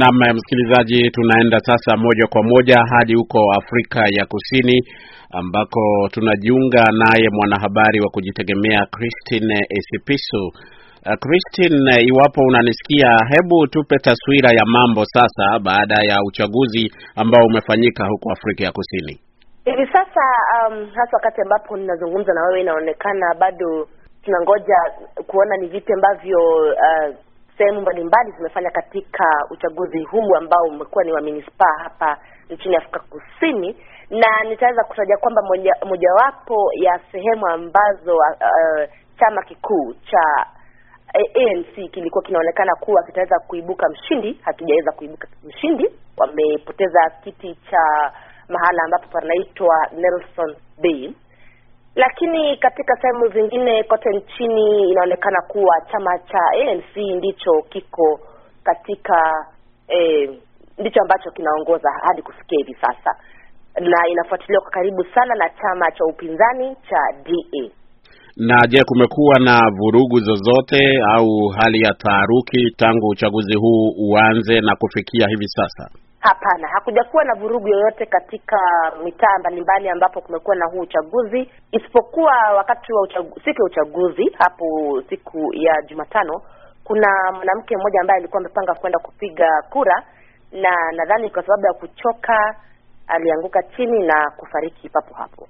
Naam, eh, msikilizaji, tunaenda sasa moja kwa moja hadi huko Afrika ya Kusini ambako tunajiunga naye mwanahabari wa kujitegemea Christine Esipisu. Eh, Christine, eh, iwapo unanisikia, hebu tupe taswira ya mambo sasa baada ya uchaguzi ambao umefanyika huko Afrika ya Kusini hivi sasa. Um, hasa wakati ambapo ninazungumza na wewe, inaonekana bado tunangoja kuona ni vipi ambavyo uh, sehemu mbalimbali zimefanya katika uchaguzi huu ambao umekuwa ni wa manispaa hapa nchini Afrika Kusini, na nitaweza kutaja kwamba mojawapo ya sehemu ambazo uh, uh chama kikuu cha eh, ANC kilikuwa kinaonekana kuwa kitaweza kuibuka mshindi, hakijaweza kuibuka mshindi. Wamepoteza kiti cha mahala ambapo panaitwa Nelson Bay lakini katika sehemu zingine kote nchini inaonekana kuwa chama cha ANC ndicho kiko katika eh, ndicho ambacho kinaongoza hadi kufikia hivi sasa na inafuatiliwa kwa karibu sana na chama cha upinzani cha DA. Na je, kumekuwa na vurugu zozote au hali ya taharuki tangu uchaguzi huu uanze na kufikia hivi sasa? Hapana, hakujakuwa na vurugu yoyote katika mitaa mbalimbali ambapo kumekuwa na huu uchaguzi, isipokuwa wakati wa uchagu, siku ya uchaguzi hapo siku ya Jumatano, kuna mwanamke mmoja ambaye alikuwa amepanga kwenda kupiga kura, na nadhani kwa sababu ya kuchoka alianguka chini na kufariki papo hapo.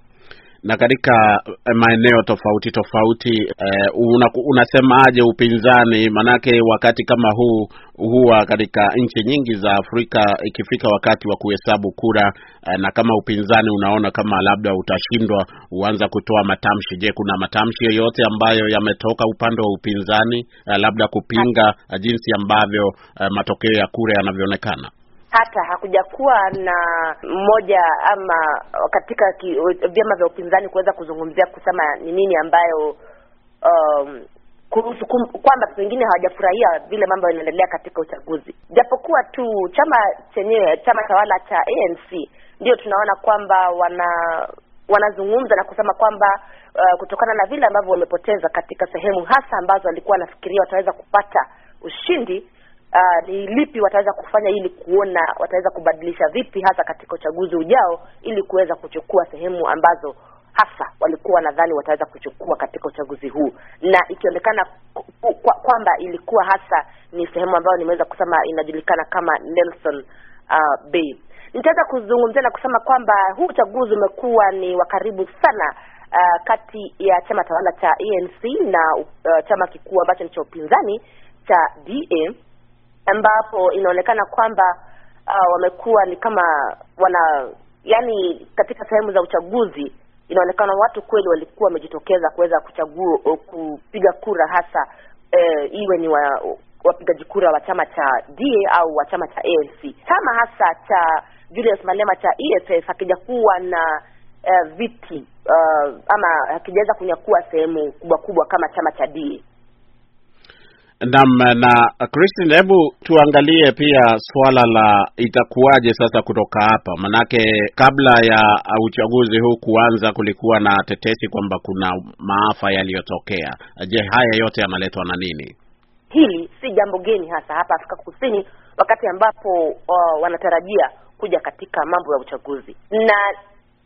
Na katika eh, maeneo tofauti tofauti eh, una, unasemaje upinzani? Manake wakati kama huu huwa katika nchi nyingi za Afrika ikifika wakati wa kuhesabu kura eh, na kama upinzani unaona kama labda utashindwa, huanza kutoa matamshi. Je, kuna matamshi yoyote ambayo yametoka upande wa upinzani eh, labda kupinga eh, jinsi ambavyo eh, matokeo ya kura yanavyoonekana? hata hakujakuwa na mmoja ama katika vyama vya upinzani kuweza kuzungumzia kusema ni nini ambayo um, kuhusu kwamba pengine hawajafurahia vile mambo yanaendelea katika uchaguzi, japokuwa tu chama chenyewe chama tawala cha ANC ndio tunaona kwamba wana wanazungumza na kusema kwamba uh, kutokana na vile ambavyo wamepoteza katika sehemu hasa ambazo walikuwa wanafikiria wataweza kupata ushindi, uh, ni lipi wataweza kufanya ili kuona wataweza kubadilisha vipi hasa katika uchaguzi ujao ili kuweza kuchukua sehemu ambazo hasa walikuwa nadhani wataweza kuchukua katika uchaguzi huu, na ikionekana kwamba kwa ilikuwa hasa ni sehemu ambayo nimeweza kusema inajulikana kama Nelson uh, Bay. Nitaweza kuzungumzia na kusema kwamba huu uchaguzi umekuwa ni wa karibu sana uh, kati ya chama tawala cha ANC na uh, chama kikuu ambacho ni cha upinzani cha DA ambapo inaonekana kwamba uh, wamekuwa ni kama wana yani, katika sehemu za uchaguzi inaonekana watu kweli walikuwa wamejitokeza kuweza kuchagua kupiga kura hasa e, iwe ni wa, wapigaji kura wa chama cha DA au wa chama cha ANC. Chama hasa cha Julius Malema cha EFF hakijakuwa na uh, viti uh, ama hakijaweza kunyakua sehemu kubwa kubwa kama chama cha DA. Naam, na Christine, hebu tuangalie pia swala la itakuwaje sasa kutoka hapa, manake kabla ya uchaguzi huu kuanza kulikuwa na tetesi kwamba kuna maafa yaliyotokea. Je, haya yote yanaletwa na nini? Hili si jambo geni hasa hapa Afrika Kusini, wakati ambapo uh, wanatarajia kuja katika mambo ya uchaguzi na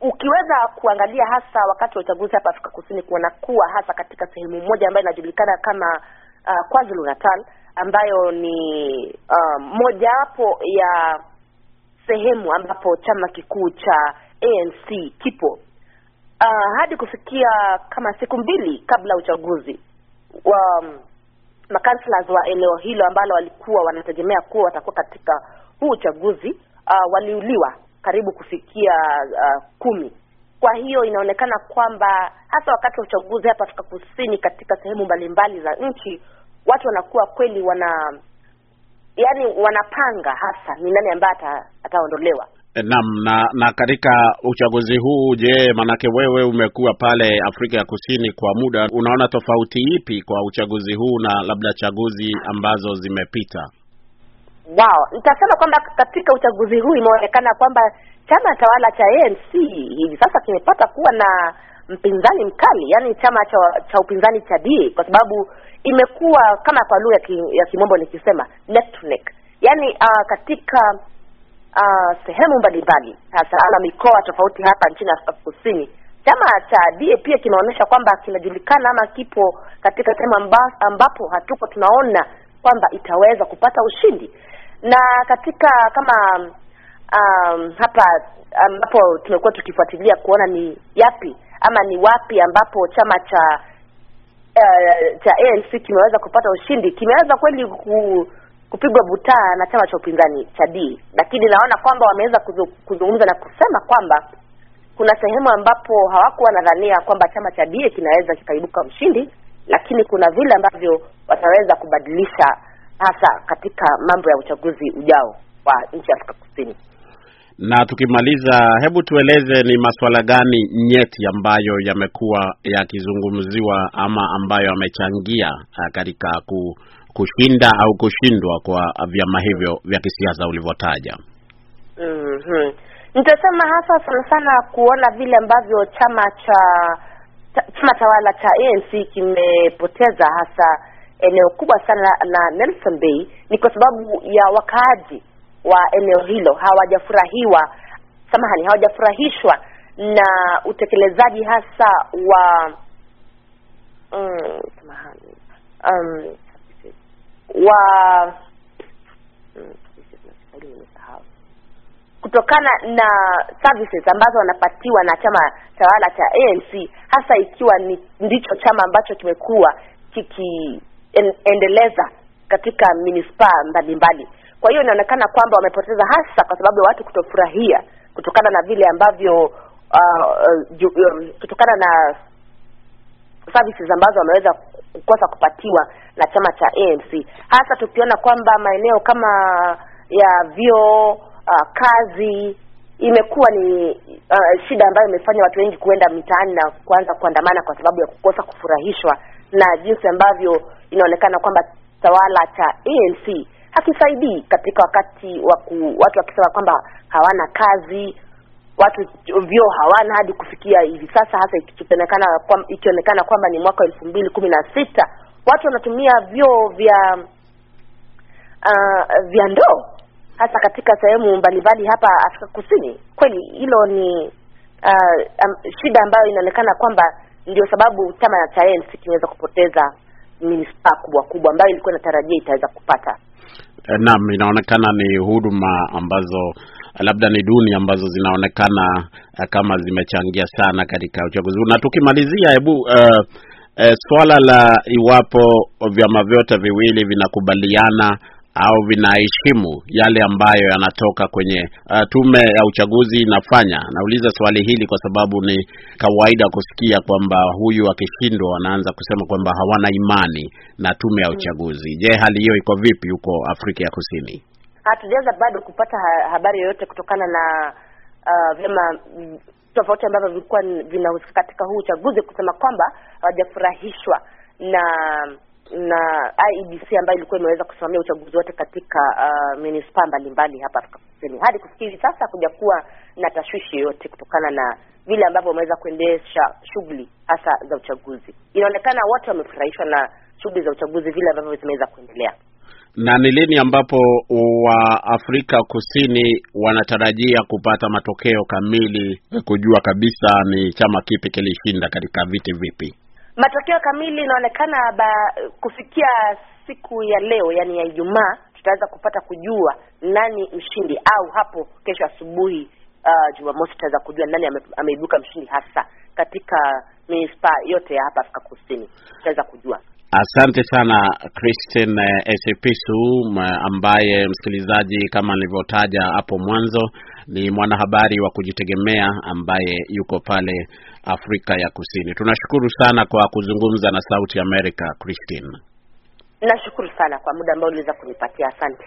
ukiweza kuangalia hasa wakati wa uchaguzi hapa Afrika Kusini, kuona kuwa hasa katika sehemu moja ambayo inajulikana kama uh, KwaZulu Natal ambayo ni uh, mojawapo ya sehemu ambapo chama kikuu cha ANC kipo. Uh, hadi kufikia kama siku mbili kabla ya uchaguzi wa um, makanslas wa eneo hilo ambalo walikuwa wanategemea kuwa watakuwa katika huu uchaguzi uh, waliuliwa karibu kufikia uh, kumi. Kwa hiyo inaonekana kwamba hasa wakati wa uchaguzi hapa Afrika Kusini katika sehemu mbalimbali za nchi watu wanakuwa kweli wana yani wanapanga hasa ni nani ambaye ataondolewa eh, Naam, na na katika uchaguzi huu, je, manake wewe umekuwa pale Afrika ya Kusini kwa muda, unaona tofauti ipi kwa uchaguzi huu na labda chaguzi ambazo zimepita? Wow, nitasema kwamba katika uchaguzi huu imeonekana kwamba chama tawala cha ANC hivi sasa kimepata kuwa na mpinzani mkali, yani chama cha, cha upinzani cha DA kwa sababu imekuwa kama kwa lugha ya kimombo nikisema neck yani uh, katika uh, sehemu mbalimbali hasa na mikoa tofauti hapa nchini Afrika Kusini chama cha DA pia kinaonyesha kwamba kinajulikana ama kipo katika sehemu amba, ambapo hatuko tunaona kwamba itaweza kupata ushindi na katika kama um, hapa ambapo tumekuwa tukifuatilia kuona ni yapi ama ni wapi ambapo chama cha uh, cha ANC kimeweza kupata ushindi? Kimeweza kweli ku, kupigwa butaa na chama cha upinzani cha D, lakini naona kwamba wameweza kuzungumza na kusema kwamba kuna sehemu ambapo hawakuwa nadhania kwamba chama cha D kinaweza kikaibuka mshindi, lakini kuna vile ambavyo wataweza kubadilisha hasa katika mambo ya uchaguzi ujao wa nchi ya Afrika Kusini. Na tukimaliza, hebu tueleze ni masuala gani nyeti ambayo yamekuwa yakizungumziwa ama ambayo yamechangia ah, katika kushinda au kushindwa kwa vyama hivyo vya kisiasa ulivyotaja? mm -hmm. Nitasema hasa sana sana kuona vile ambavyo chama cha chama tawala cha ANC kimepoteza hasa eneo kubwa sana la Nelson Bay ni kwa sababu ya wakaaji wa eneo hilo hawajafurahiwa, samahani, hawajafurahishwa na utekelezaji hasa wa mm, samahani, um, wa mm, kutokana na services ambazo wanapatiwa na chama tawala cha ANC hasa ikiwa ni ndicho chama ambacho kimekuwa kikiendeleza katika manispaa mbalimbali kwa hiyo inaonekana kwamba wamepoteza hasa kwa sababu ya watu kutofurahia kutokana na vile ambavyo uh, uh ju, um, kutokana na services ambazo wameweza kukosa kupatiwa na chama cha ANC hasa tukiona kwamba maeneo kama ya vyoo uh, kazi imekuwa ni uh, shida ambayo imefanya watu wengi kuenda mitaani na kuanza kuandamana kwa sababu ya kukosa kufurahishwa na jinsi ambavyo inaonekana kwamba tawala cha ANC hakisaidii katika wakati wa watu wakisema kwamba hawana kazi, watu vyoo hawana hadi kufikia hivi sasa, hasa ikionekana kwamba ikionekana kwamba ni mwaka wa elfu mbili kumi na sita watu wanatumia vyoo vya uh, vya ndoo hasa katika sehemu mbalimbali hapa Afrika Kusini. Kweli hilo ni uh, um, shida ambayo inaonekana kwamba ndio sababu chama ya Chadema kimeweza kupoteza minispaa kubwa kubwa ambayo ilikuwa inatarajia itaweza kupata. Eh, naam, inaonekana ni huduma ambazo eh, labda ni duni ambazo zinaonekana eh, kama zimechangia sana katika uchaguzi huu. Na tukimalizia, hebu uh, uh, swala la iwapo vyama vyote viwili vinakubaliana au vinaheshimu yale ambayo yanatoka kwenye uh, tume ya uchaguzi inafanya. Nauliza swali hili kwa sababu ni kawaida kusikia kwamba huyu akishindwa wanaanza kusema kwamba hawana imani na tume ya hmm. uchaguzi. Je, hali hiyo iko vipi huko Afrika ya Kusini? Hatujaweza bado kupata habari yoyote kutokana na uh, vyama tofauti ambavyo vilikuwa vinahusika katika huu uchaguzi kusema kwamba hawajafurahishwa na na IEBC ambayo ilikuwa imeweza kusimamia uchaguzi wote katika uh, manispaa mbalimbali hapa Afrika Kusini, hadi kufikia hivi sasa hakuja kuwa na tashwishi yoyote kutokana na vile ambavyo wameweza kuendesha shughuli hasa za uchaguzi. Inaonekana wote wamefurahishwa na shughuli za uchaguzi vile ambavyo zimeweza kuendelea. Na ni lini ambapo wa Afrika Kusini wanatarajia kupata matokeo kamili, eh, kujua kabisa ni chama kipi kilishinda katika viti vipi? Matokeo kamili inaonekana ba kufikia siku ya leo, yani ya Ijumaa, tutaweza kupata kujua nani mshindi, au hapo kesho asubuhi uh, Jumamosi tutaweza kujua nani ame, ameibuka mshindi hasa katika manispaa yote ya hapa Afrika Kusini, tutaweza kujua. Asante sana cristin Echepisu, ambaye msikilizaji, kama nilivyotaja hapo mwanzo ni mwanahabari wa kujitegemea ambaye yuko pale Afrika ya Kusini. Tunashukuru sana kwa kuzungumza na Sauti america Christine. Nashukuru sana kwa muda ambao uliweza kunipatia, asante.